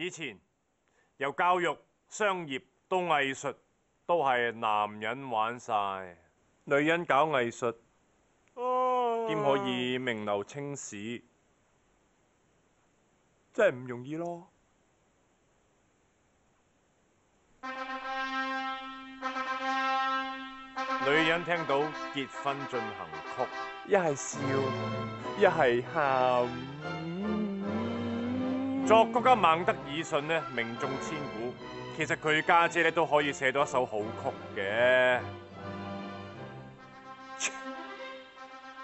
以前由教育、商業到藝術，都係男人玩晒，女人搞藝術兼可以名留青史，真係唔容易咯。女人聽到結婚進行曲，一係笑，一係喊。作曲家孟德爾遜咧，名重千古。其實佢家姐咧都可以寫到一首好曲嘅。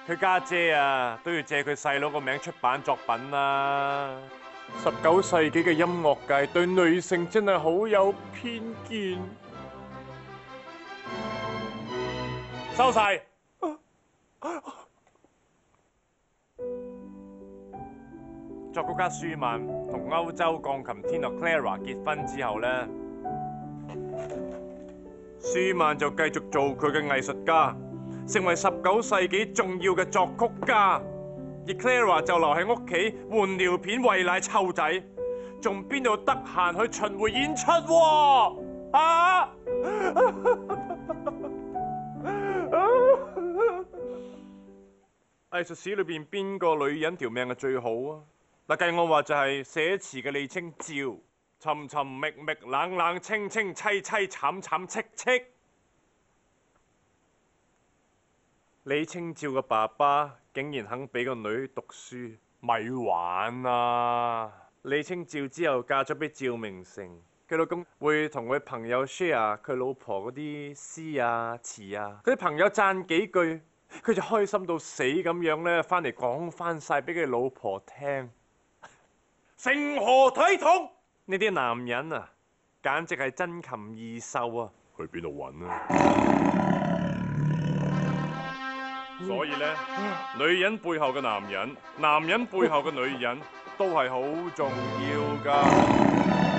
佢家姐啊，都要借佢細佬個名出版作品啦。十九世紀嘅音樂界對女性真係好有偏見。收晒。作曲家舒曼同歐洲鋼琴天后 Clara 結婚之後呢， 舒曼就繼續做佢嘅藝術家，成為十九世紀重要嘅作曲家，而 Clara 就留喺屋企換尿片、喂奶、湊仔，仲邊度得閒去巡迴演出啊？啊！藝 術 史裏邊邊個女人條命係最好啊？嗱，計我話就係寫詞嘅李清照，尋尋覓覓，冷冷清清，淒淒慘慘戚戚。李清照嘅爸爸竟然肯俾個女讀書，咪玩啊？李清照之後嫁咗俾趙明誠，佢老公會同佢朋友 share 佢老婆嗰啲詩啊詞啊，佢啲、啊、朋友讚幾句，佢就開心到死咁樣呢，翻嚟講翻晒俾佢老婆聽。成何體統？呢啲男人啊，簡直係珍禽異獸啊！去邊度揾啊？ 所以呢，女人背後嘅男人，男人背後嘅女人，都係好重要㗎。